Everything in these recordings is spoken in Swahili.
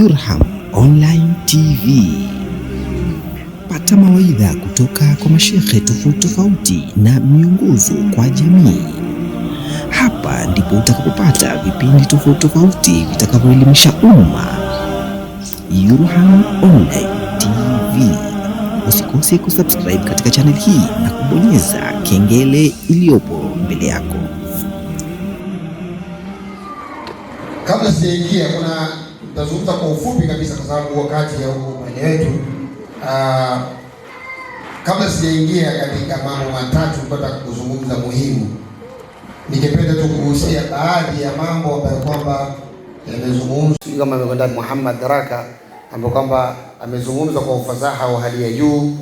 Yurham Online TV. Pata mawaidha kutoka kwa mashekhe tofauti tofauti na miongozo kwa jamii. Hapa ndipo utakapopata vipindi tofauti tofauti vitakavyoelimisha umma. Yurham Online TV. Usikose kusubscribe katika channel hii na kubonyeza kengele iliyopo mbele yako. Kabla sijaingia kuna Nitazungumza kwa ufupi kabisa kwa sababu wakati ya huu mwenye wetu uh, ah, kabla sijaingia katika mambo matatu mpaka kuzungumza muhimu, ningependa tu kugusia baadhi ya mambo ambayo kwamba yamezungumzwa kama amekwenda Muhammad Raka ambayo kwamba amezungumza kwa ufasaha wa hali ya juu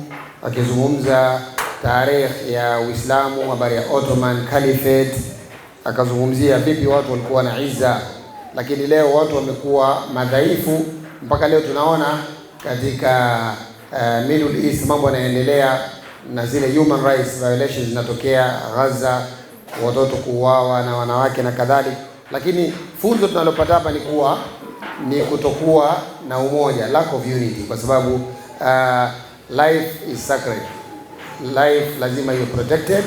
akizungumza tarehe ya Uislamu, habari ya Ottoman Caliphate, akazungumzia vipi watu walikuwa na izza lakini leo watu wamekuwa madhaifu mpaka leo tunaona katika uh, Middle East mambo yanaendelea na zile human rights violations zinatokea Gaza, watoto kuuawa na wanawake na kadhalika. Lakini funzo tunalopata hapa ni kuwa ni kutokuwa na umoja, lack of unity, kwa sababu uh, life is sacred, life lazima iwe protected,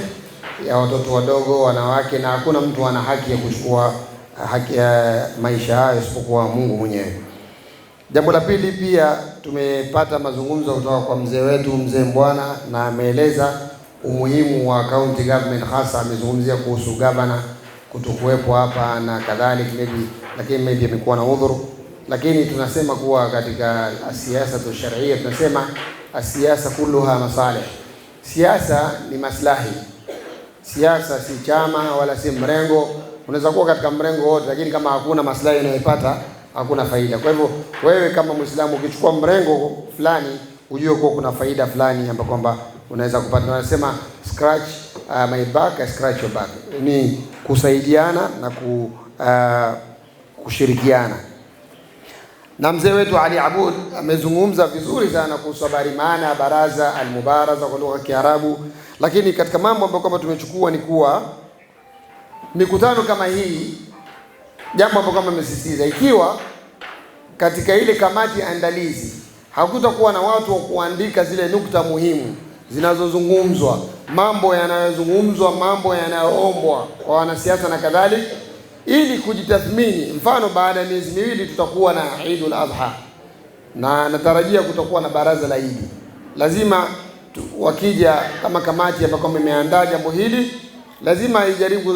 ya watoto wadogo, wanawake, na hakuna mtu ana haki ya kuchukua haki ya maisha hayo isipokuwa Mungu mwenyewe. Jambo la pili, pia tumepata mazungumzo kutoka kwa mzee wetu mzee Mbwana, na ameeleza umuhimu wa county government, hasa amezungumzia kuhusu gavana kutokuwepo hapa na kadhalika, maybe lakini maybe amekuwa na udhuru, lakini tunasema kuwa katika siasa tu sharia tunasema asiasa kulluha masalih, siasa ni maslahi. Siasa si chama wala si mrengo unaweza kuwa katika mrengo wote, lakini kama hakuna maslahi unayopata hakuna faida. Kwa hivyo wewe kama Muislamu ukichukua mrengo fulani, ujue kuwa kuna faida fulani ambayo kwamba unaweza kupata. Na wanasema scratch uh, my back I scratch your back, ni kusaidiana na ku, uh, kushirikiana. Na mzee wetu Ali Abud amezungumza vizuri sana kuhusu habari maana ya baraza almubaraza kwa lugha ya Kiarabu, lakini katika mambo ambayo kwamba tumechukua ni kuwa mikutano kama hii, jambo hapo kama amesisitiza, ikiwa katika ile kamati andalizi hakutakuwa na watu wa kuandika zile nukta muhimu zinazozungumzwa, mambo yanayozungumzwa, mambo yanayoombwa kwa wanasiasa na kadhalika, ili kujitathmini. Mfano, baada ya miezi miwili tutakuwa na Idul Adha na natarajia kutakuwa na baraza la Idi. Lazima tu, wakija kama kamati ambayo imeandaa jambo hili lazima ijaribu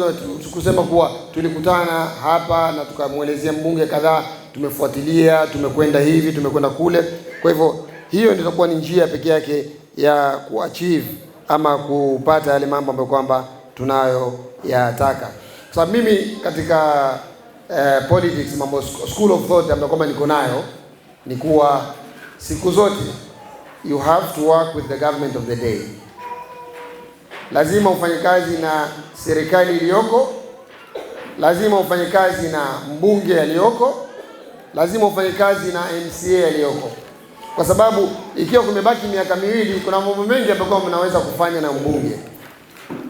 kusema kuwa tulikutana hapa na tukamwelezea mbunge kadhaa, tumefuatilia, tumekwenda hivi, tumekwenda kule. Kwa hivyo hiyo ndio itakuwa ni njia pekee yake ya kuachieve ama kupata yale mambo ambayo kwamba tunayo yataka. Kwa sababu mimi katika eh, politics mambo school of thought ambayo kwamba niko nayo ni kuwa siku zote you have to work with the government of the day lazima ufanye kazi na serikali iliyoko, lazima ufanye kazi na mbunge aliyoko, lazima ufanye kazi na MCA aliyoko, kwa sababu ikiwa kumebaki miaka miwili, kuna mambo mengi ambayo mnaweza kufanya na mbunge,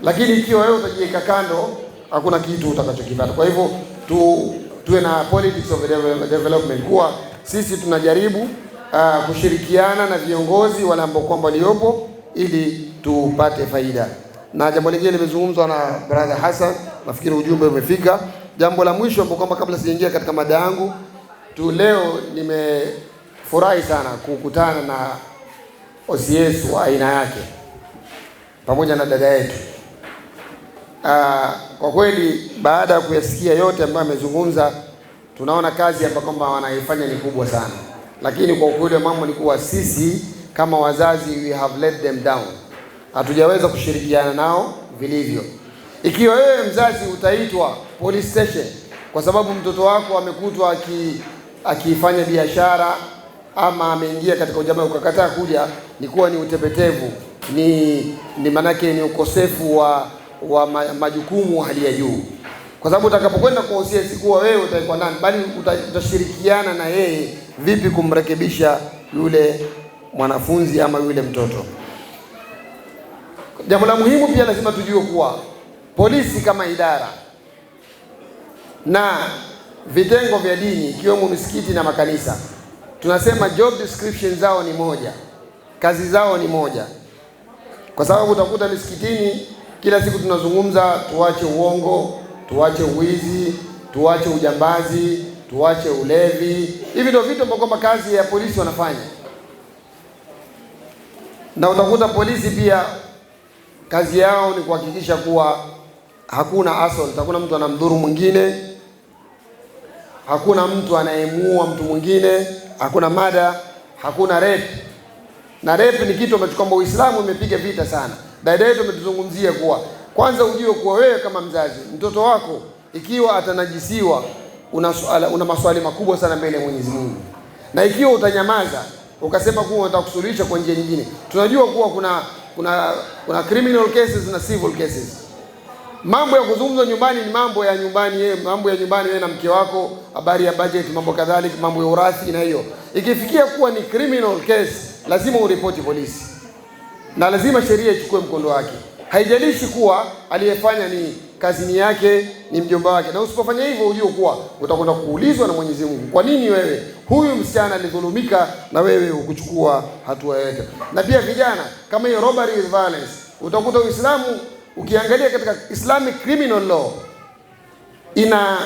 lakini ikiwa wewe utajiweka kando, hakuna kitu utakachokipata. Kwa hivyo tu, tuwe na politics of development, kuwa sisi tunajaribu uh, kushirikiana na viongozi wale ambao kwamba waliopo ili tupate faida na jambo lingine limezungumzwa na brother Hassan, nafikiri ujumbe umefika. Jambo la mwisho ambao kwamba kabla sijaingia katika mada yangu tu, leo nimefurahi sana kukutana na OCS wa aina yake pamoja na dada yetu. Ah, kwa kweli baada ya kuyasikia yote ambayo amezungumza, tunaona kazi ambayo kwamba wanaifanya ni kubwa sana, lakini kwa ukweli wa mambo ni kuwa sisi kama wazazi we have let them down hatujaweza kushirikiana nao vilivyo. Ikiwa wewe mzazi utaitwa police station kwa sababu mtoto wako amekutwa aki akifanya biashara ama ameingia katika ujamaa ukakataa kuja, ni kuwa ni utepetevu, ni ni manake ni ukosefu wa wa majukumu hali ya juu, kwa sababu utakapokwenda kwa si kuwa wewe utaikuwa nani, bali utashirikiana na yeye vipi kumrekebisha yule mwanafunzi ama yule mtoto. Jambo la muhimu pia lazima tujue kuwa polisi kama idara na vitengo vya dini ikiwemo misikiti na makanisa, tunasema job description zao ni moja, kazi zao ni moja, kwa sababu utakuta misikitini kila siku tunazungumza tuache uongo, tuache uwizi, tuache ujambazi, tuache ulevi. Hivi ndio vitu ambavyo kwamba kazi ya polisi wanafanya, na utakuta polisi pia kazi yao ni kuhakikisha kuwa hakuna assault, hakuna mtu anamdhuru mwingine, hakuna mtu anayemuua mtu mwingine, hakuna mada, hakuna rape. Na rape ni kitu ambacho kwamba Uislamu umepiga vita sana. Dada yetu kuwa kwanza ujue kuwa wewe kama mzazi, mtoto wako ikiwa atanajisiwa, una swala, una maswali makubwa sana mbele ya Mwenyezi Mungu, na ikiwa utanyamaza ukasema kuwa unataka kusuluhisha kwa njia nyingine, tunajua kuwa kuna kuna kuna criminal cases na civil cases. Mambo ya kuzungumzwa nyumbani ni mambo ya nyumbani, yeye eh, mambo ya nyumbani, wewe na mke wako, habari ya budget, mambo kadhalika, mambo ya urathi na hiyo. Ikifikia kuwa ni criminal case, lazima uripoti polisi na lazima sheria ichukue mkondo wake, haijalishi kuwa aliyefanya ni kazini yake ni mjomba wake, na usipofanya hivyo ujue kuwa utakwenda kuulizwa na Mwenyezi Mungu, kwa nini wewe huyu msichana alidhulumika na wewe ukuchukua hatua yake. Na pia vijana, kama hiyo robbery is violence, utakuta Uislamu ukiangalia katika Islamic criminal law ina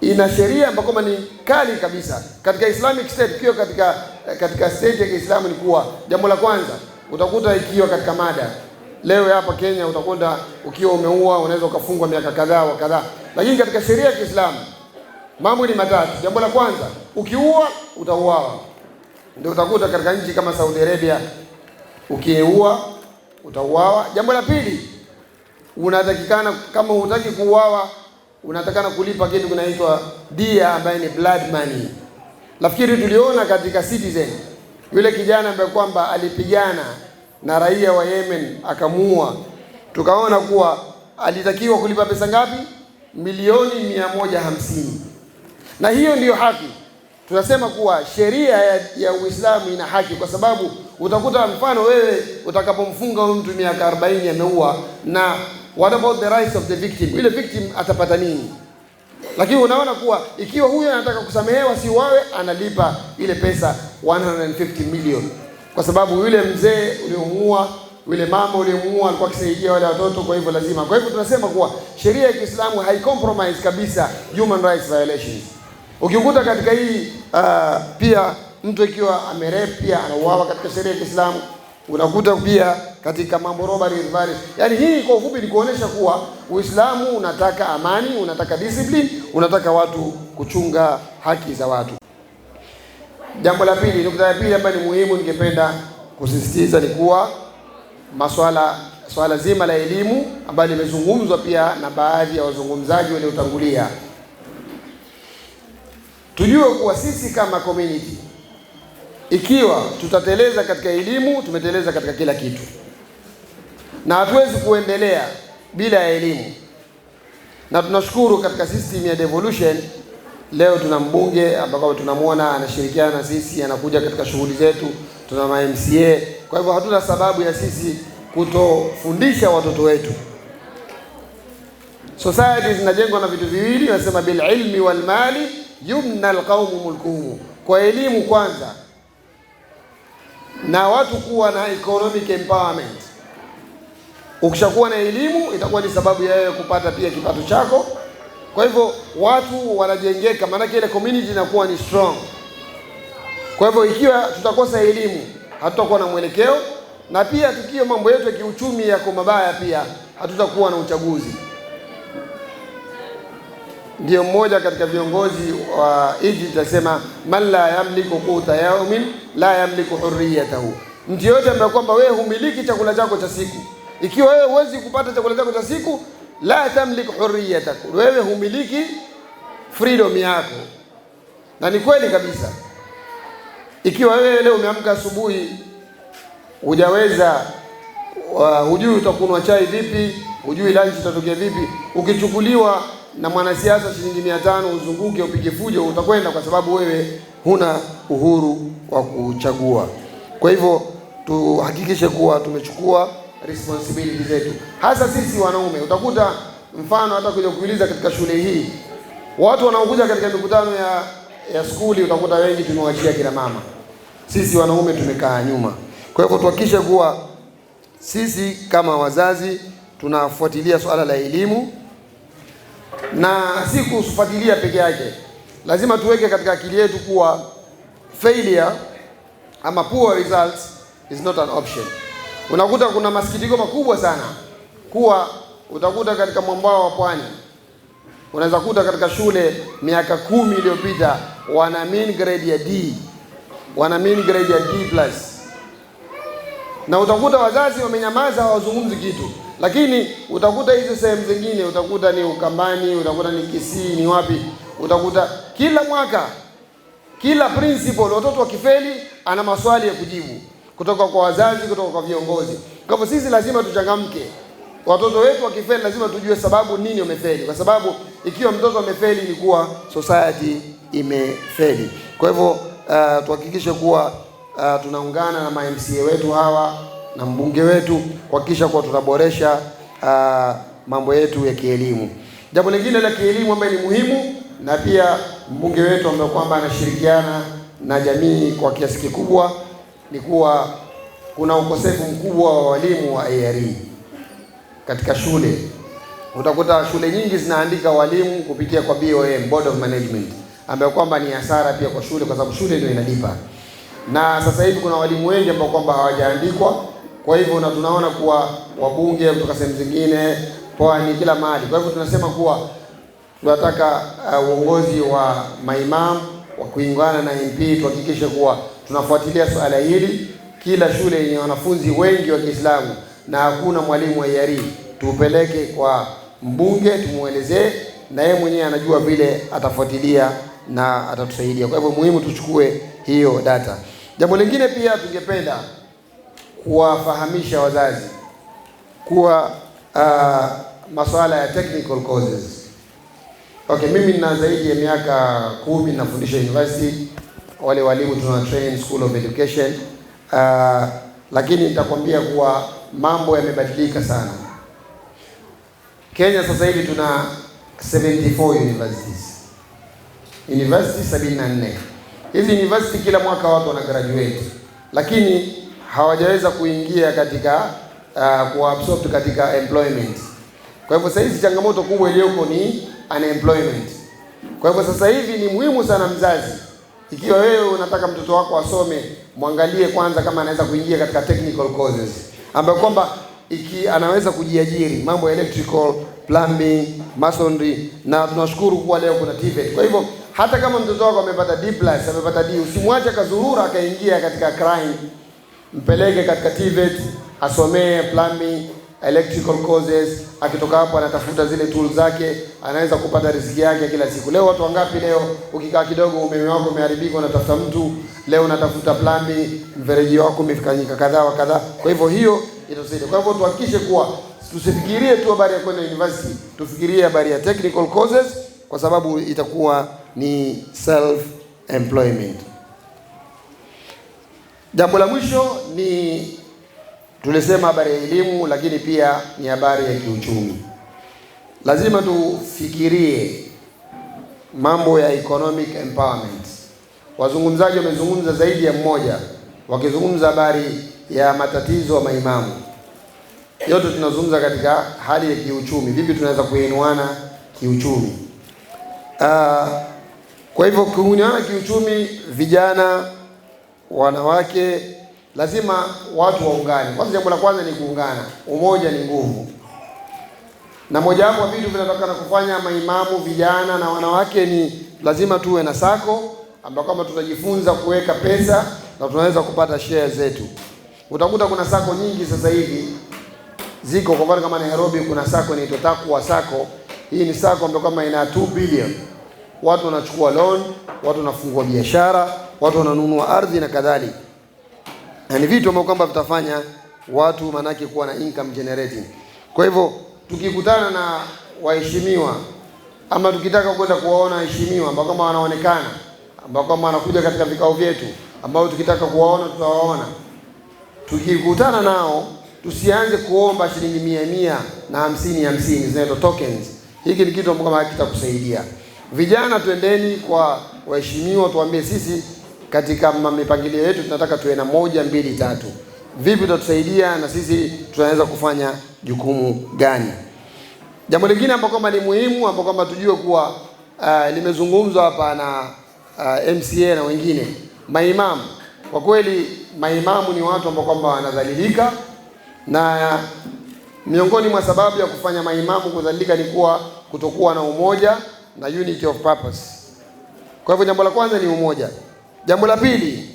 ina sheria ambako ni kali kabisa katika Islamic state. Pia katika katika state ya Kiislamu ni kuwa jambo la kwanza utakuta ikiwa katika mada Leo hapa Kenya utakwenda ukiwa umeua unaweza ukafungwa miaka kadhaa wa kadhaa, lakini katika sheria ya Kiislamu mambo ni matatu. Jambo la kwanza, ukiua utauawa. Ndio utakuta katika nchi kama Saudi Arabia, ukiua utauawa. Jambo la pili, unatakikana kama hutaki kuuawa, unatakana kulipa kitu kinaitwa dia, ambaye ni blood money. Nafikiri tuliona katika Citizen yule kijana ambaye kwamba alipigana na raia wa Yemen akamuua, tukaona kuwa alitakiwa kulipa pesa ngapi? Milioni mia moja hamsini. Na hiyo ndiyo haki. Tunasema kuwa sheria ya, ya Uislamu ina haki, kwa sababu utakuta mfano wewe utakapomfunga huyu mtu miaka 40 ameua, na what about the rights of the victim? Ile victim atapata nini? Lakini unaona kuwa ikiwa huyo anataka kusamehewa, si wawe, analipa ile pesa 150 million kwa sababu yule mzee uliomuua, yule mama uliomuua alikuwa akisaidia wale watoto, kwa hivyo lazima. Kwa hivyo tunasema kuwa sheria ya Kiislamu haicompromise kabisa human rights violations. Ukikuta katika hii uh, pia mtu ikiwa amerep pia anauawa katika sheria ya Kiislamu, unakuta pia katika mambo robbery, Yani hii kwa ufupi ni kuonesha kuwa Uislamu unataka amani, unataka discipline, unataka watu kuchunga haki za watu. Jambo la pili, nukta ya pili ambayo ni muhimu, ningependa kusisitiza ni kuwa masuala swala zima la elimu ambayo limezungumzwa pia na baadhi ya wazungumzaji waliotangulia. Tujue kuwa sisi kama community, ikiwa tutateleza katika elimu, tumeteleza katika kila kitu, na hatuwezi kuendelea bila ya elimu, na tunashukuru katika system ya devolution Leo tuna mbunge ambao tunamwona anashirikiana na sisi, anakuja katika shughuli zetu, tuna ma MCA. Kwa hivyo hatuna sababu ya sisi kutofundisha watoto wetu. Society zinajengwa na vitu viwili, nasema bil ilmi wal mali yumna alqaumu mulkuhum, kwa elimu kwanza na watu kuwa na economic empowerment. Ukishakuwa na elimu itakuwa ni sababu ya wewe kupata pia kipato chako kwa hivyo watu wanajengeka, maanake ile community inakuwa ni strong. Kwa hivyo ikiwa tutakosa elimu, hatutakuwa na mwelekeo, na pia tukiwa mambo yetu ya kiuchumi yako mabaya, pia hatutakuwa na uchaguzi. Ndiyo mmoja katika viongozi wa Egypt asema, man la yamliku quta yaumin la yamliku hurriyatahu, mtu yoyote ambaye kwamba wewe humiliki chakula chako cha siku. Ikiwa wewe huwezi kupata chakula chako cha siku la tamlik hurriyatak, wewe humiliki freedom yako. Na ni kweli kabisa, ikiwa wewe leo umeamka asubuhi hujaweza uh, hujui utakunywa chai vipi, hujui lunch itatokea vipi, ukichukuliwa na mwanasiasa shilingi mia tano uzunguke upige fujo, utakwenda kwa sababu wewe huna uhuru wa kuchagua. Kwa hivyo tuhakikishe kuwa tumechukua responsibility zetu, hasa sisi wanaume. Utakuta mfano hata kuja kuuliza katika shule hii, watu wanaokuja katika mikutano ya ya skuli, utakuta wengi tumewachia kina mama. Sisi wanaume tumekaa nyuma. Kwa hivyo tuhakikishe kuwa sisi kama wazazi tunafuatilia swala la elimu, na si kufuatilia peke yake, lazima tuweke katika akili yetu kuwa failure ama poor results is not an option. Unakuta kuna masikitiko makubwa sana kuwa utakuta katika mwambao wa pwani, unaweza kuta katika shule miaka kumi iliyopita wana mean grade ya D, wana mean grade ya D plus, na utakuta wazazi wamenyamaza, hawazungumzi kitu, lakini utakuta hizo sehemu zingine, utakuta ni Ukambani, utakuta ni Kisii, ni wapi, utakuta kila mwaka, kila principal, watoto wakifeli ana maswali ya kujibu kutoka kwa wazazi, kutoka kwa viongozi. Kwa hivyo sisi lazima tuchangamke. Watoto wetu wakifeli, lazima tujue sababu nini wamefeli, kwa sababu ikiwa mtoto amefeli ni kuwa society imefeli. Kwa hivyo uh, tuhakikishe kuwa uh, tunaungana na MCA wetu hawa na mbunge wetu kuhakikisha kuwa tutaboresha uh, mambo yetu ya kielimu. Jambo lingine la kielimu ambayo ni muhimu na pia mbunge wetu ambaye kwamba anashirikiana na jamii kwa kiasi kikubwa ni kuwa kuna ukosefu mkubwa wa walimu wa ARE katika shule. Utakuta shule nyingi zinaandika walimu kupitia kwa BOM, Board of Management, ambayo kwamba ni hasara pia kwa shule, kwa sababu shule ndio inalipa. Na sasa hivi kuna walimu wengi ambao kwamba hawajaandikwa, kwa hivyo na tunaona kuwa wabunge kutoka sehemu zingine, pwani, kila mahali. Kwa hivyo tunasema kuwa tunataka uh, uongozi uh, wa maimamu wa kuingana na MP tuhakikishe kuwa tunafuatilia swala hili kila shule yenye wanafunzi wengi wa Kiislamu na hakuna mwalimu wa yari, tupeleke kwa mbunge tumwelezee, na yeye mwenyewe anajua vile atafuatilia na atatusaidia. Kwa hivyo muhimu tuchukue hiyo data. Jambo lingine pia tungependa kuwafahamisha wazazi kuwa uh, ah, masuala ya technical courses. Okay, mimi nina zaidi ya miaka kumi nafundisha university wale walimu tuna train school of education uh, lakini nitakwambia kuwa mambo yamebadilika sana. Kenya sasa hivi tuna 74 universities, university 74. Hizi university kila mwaka watu wana graduate, lakini hawajaweza kuingia katika uh, kuabsorb katika employment. Kwa hivyo sasa hizi changamoto kubwa iliyoko ni unemployment. Kwa hivyo sasa hivi ni muhimu sana mzazi ikiwa wewe unataka mtoto wako asome, mwangalie kwanza kama anaweza kuingia katika technical courses ambayo kwamba iki anaweza kujiajiri mambo ya electrical, plumbing, masonry na tunashukuru kuwa leo kuna TVET. Kwa hivyo hata kama mtoto wako amepata D+, amepata D, usimwache kazurura akaingia katika crime. Mpeleke katika TVET asomee plumbing electrical causes, akitoka hapo anatafuta zile tools zake, anaweza kupata riziki yake kila siku. Leo watu wangapi, leo ukikaa kidogo umeme wako umeharibika, unatafuta mtu, leo unatafuta plani, mfereji wako umefikanyika kadhaa wa kadhaa. Kwa hivyo hiyo itasaidia. Kwa hivyo tuhakikishe kuwa tusifikirie tu habari ya kwenda university, tufikirie habari ya technical courses, kwa sababu itakuwa ni self employment. Jambo la mwisho ni Tulisema habari ya elimu, lakini pia ni habari ya kiuchumi. Lazima tufikirie mambo ya economic empowerment. Wazungumzaji wamezungumza zaidi ya mmoja, wakizungumza habari ya matatizo ya maimamu. Yote tunazungumza katika hali ya kiuchumi, vipi tunaweza kuinuana kiuchumi. Uh, kwa hivyo kuinuana kiuchumi, vijana, wanawake lazima watu waungane. Kwanza, jambo la kwanza ni kuungana. Umoja ni nguvu, na mojawapo vitu vinatakana kufanya maimamu vijana na wanawake ni lazima tuwe na sako ambao kama tutajifunza kuweka pesa na tunaweza kupata share zetu. Utakuta kuna sako nyingi sasa hivi ziko, kwa mfano kama Nairobi kuna sako inaitwa Takwa Sako. Hii ni sako ambayo kama ina 2 billion, watu wanachukua loan, watu wanafungua biashara, watu wananunua ardhi na kadhalika na ni vitu ambavyo kwamba vitafanya watu manake kuwa na income generating. Kwa hivyo tukikutana na waheshimiwa ama tukitaka kwenda kuwaona waheshimiwa ambao kama wanaonekana ambao kama wanakuja katika vikao vyetu ambao tukitaka kuwaona tutawaona, tukikutana nao tusianze kuomba shilingi mia mia na hamsini hamsini, zinaitwa tokens. Hiki ni kitu ambacho kama hakitakusaidia. Vijana, twendeni kwa waheshimiwa tuambie sisi katika mipangilio yetu tunataka tuwe na moja, mbili, tatu. Vipi utatusaidia na sisi tunaweza kufanya jukumu gani? Jambo lingine ambapo kwamba ni muhimu ambapo kwamba tujue kuwa uh, limezungumzwa hapa na uh, eh, MCA na wengine maimamu. Kwa kweli maimamu ni watu ambao kwamba wanadhalilika, na miongoni mwa sababu ya kufanya maimamu kudhalilika ni kuwa kutokuwa na umoja na unity of purpose. Kwa hivyo jambo la kwanza ni umoja. Jambo la pili,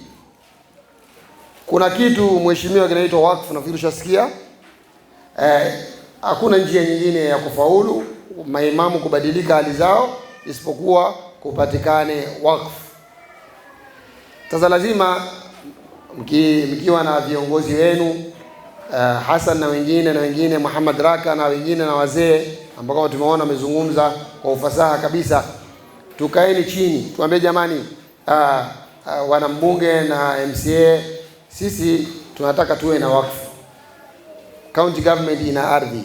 kuna kitu mheshimiwa kinaitwa wakfu, nafikiri ushasikia. Eh, hakuna njia nyingine ya kufaulu maimamu kubadilika hali zao isipokuwa kupatikane wakfu. Sasa lazima mki, mkiwa na viongozi wenu eh, Hassan na wengine na wengine Muhammad Raka na wengine na wazee ambao tumeona wamezungumza kwa ufasaha kabisa, tukaeni chini tuambie jamani, uh, uh, ah, wanambunge na MCA, sisi tunataka tuwe na wakfu. County government ina ardhi,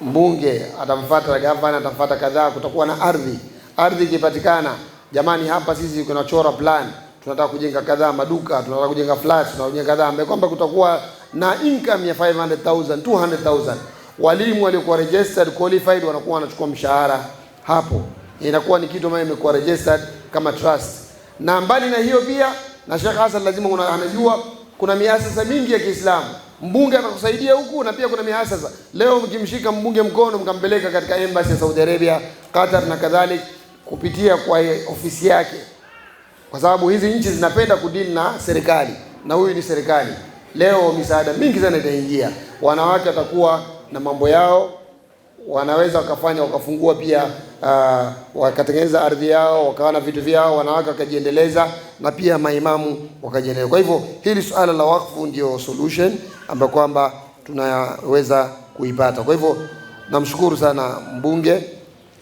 mbunge atamfuata, gavana atamfuata, kadhaa, kutakuwa na ardhi. Ardhi ikipatikana, jamani, hapa sisi kuna chora plan, tunataka kujenga kadhaa, maduka, tunataka kujenga flats, tunataka kujenga kadhaa, ambaye kwamba kutakuwa na income ya 500,000 200,000 walimu waliokuwa registered qualified wanakuwa wanachukua mshahara hapo, inakuwa ni kitu ambayo imekuwa registered kama trust. Na mbali na hiyo pia, na Sheikh Hassan lazima anajua kuna miasasa mingi ya Kiislamu, mbunge atakusaidia huku, na pia kuna miasasa. Leo mkimshika mbunge mkono mkampeleka katika embassy ya Saudi Arabia, Qatar na kadhalik, kupitia kwa ofisi yake, kwa sababu hizi nchi zinapenda kudini na serikali, na huyu ni serikali. Leo misaada mingi sana itaingia, wanawake watakuwa na mambo yao wanaweza wakafanya wakafungua pia uh, wakatengeneza ardhi yao wakawa na vitu vyao, wanawake wakajiendeleza na pia maimamu wakajiendeleza. Kwa hivyo hili suala la wakfu ndio solution ambayo kwamba tunaweza kuipata. Kwa hivyo namshukuru sana mbunge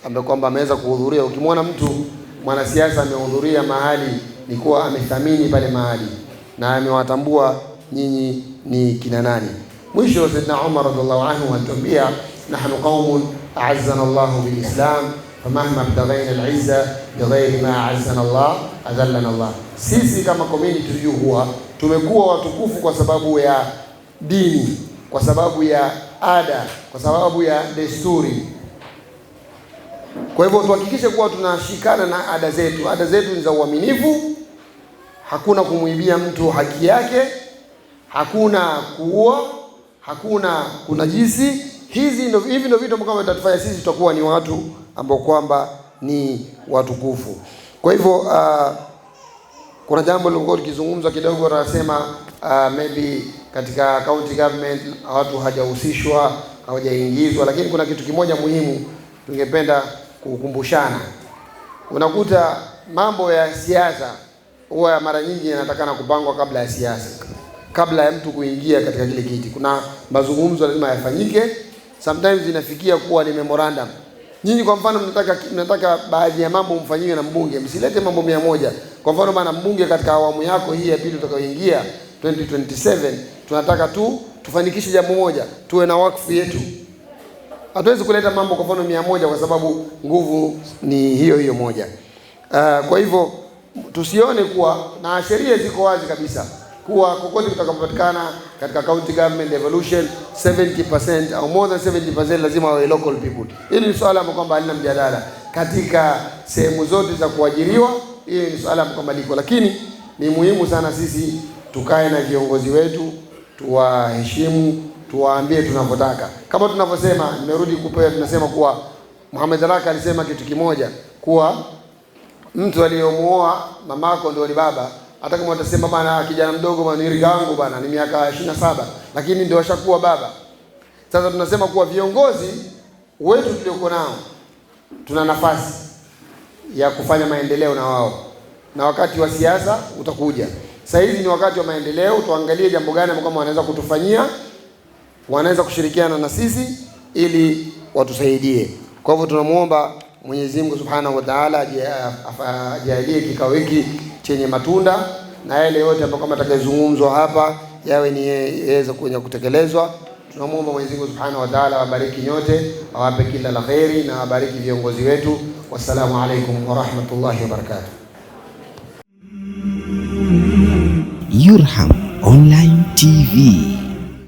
ambaye kwamba ameweza kuhudhuria. Ukimwona mtu mwanasiasa amehudhuria mahali ni kuwa amethamini pale mahali na amewatambua nyinyi ni kina nani. Mwisho Saidina Umar radhiallahu anhu anatuambia نحن qaumun أعزنا الله bilislam famahma btaghaina العزة بغير ما أعزنا الله أذلنا الله Sisi kama community تجيو huwa tumekuwa watukufu kwa sababu ya dini, kwa sababu ya ada, kwa sababu ya desturi. Kwa hivyo tuhakikishe kuwa tunashikana na ada zetu. Ada zetu ni za uaminifu, hakuna kumwibia mtu haki yake, hakuna kuua, hakuna kunajisi hizi ndo hivi ndo vitu ambavyo vitatufanya sisi tutakuwa ni watu ambao kwamba ni watukufu. Kwa hivyo uh, kuna jambo lilikuwa likizungumzwa kidogo, tunasema uh, ah, maybe katika county government watu hajahusishwa, hawajaingizwa, lakini kuna kitu kimoja muhimu tungependa kukumbushana. Unakuta mambo ya siasa huwa mara nyingi yanatakana kupangwa kabla ya siasa, kabla ya mtu kuingia katika kile kiti, kuna mazungumzo lazima yafanyike sometimes zinafikia kuwa ni memorandum. Nyinyi kwa mfano mnataka mnataka baadhi ya mambo mfanyiwe na mbunge, msilete mambo mia moja. Kwa mfano bana mbunge, katika awamu yako hii ya pili utakayoingia 2027 tunataka tu tufanikishe jambo moja, tuwe na wakfu yetu. Hatuwezi kuleta mambo kwa mfano mia moja kwa sababu nguvu ni hiyo hiyo moja. Uh, kwa hivyo tusione kuwa na sheria ziko wazi kabisa kuwa kokote kutakapopatikana katika county government evolution 70% au more than 70% lazima wawe local people. Hili ni swala ambalo kwamba halina mjadala katika sehemu zote za kuajiriwa. Hili ni swala ambalo kwamba liko, lakini ni muhimu sana sisi tukae na viongozi wetu, tuwaheshimu, tuwaambie tunavyotaka, kama tunavyosema. Nimerudi kupewa, tunasema kuwa Muhammad Haraka alisema kitu kimoja kuwa mtu aliyomuoa mamako ndio ni baba hata kama watasema bana, kijana mdogo bana, ni rika yangu bana, ni miaka 27, lakini ndio washakuwa baba. Sasa tunasema kuwa viongozi wetu tulioko nao tuna nafasi ya kufanya maendeleo na wao, na wakati wa siasa utakuja. Sasa hivi ni wakati wa maendeleo, tuangalie jambo gani ambalo kama wanaweza kutufanyia, wanaweza kushirikiana na sisi ili watusaidie. Kwa hivyo tunamuomba Mwenyezi Mungu Subhanahu wa Ta'ala ajalie kikao hiki chenye matunda na yale yote ambayo kama atakayezungumzwa hapa yawe ni yaweze kwenye kutekelezwa. Tunamwomba Mwenyezi Mungu Subhanahu wa Ta'ala awabariki nyote, awape kila la kheri na awabariki viongozi wetu. Wassalamu alaikum wa rahmatullahi wa barakatuh. Yurham Online TV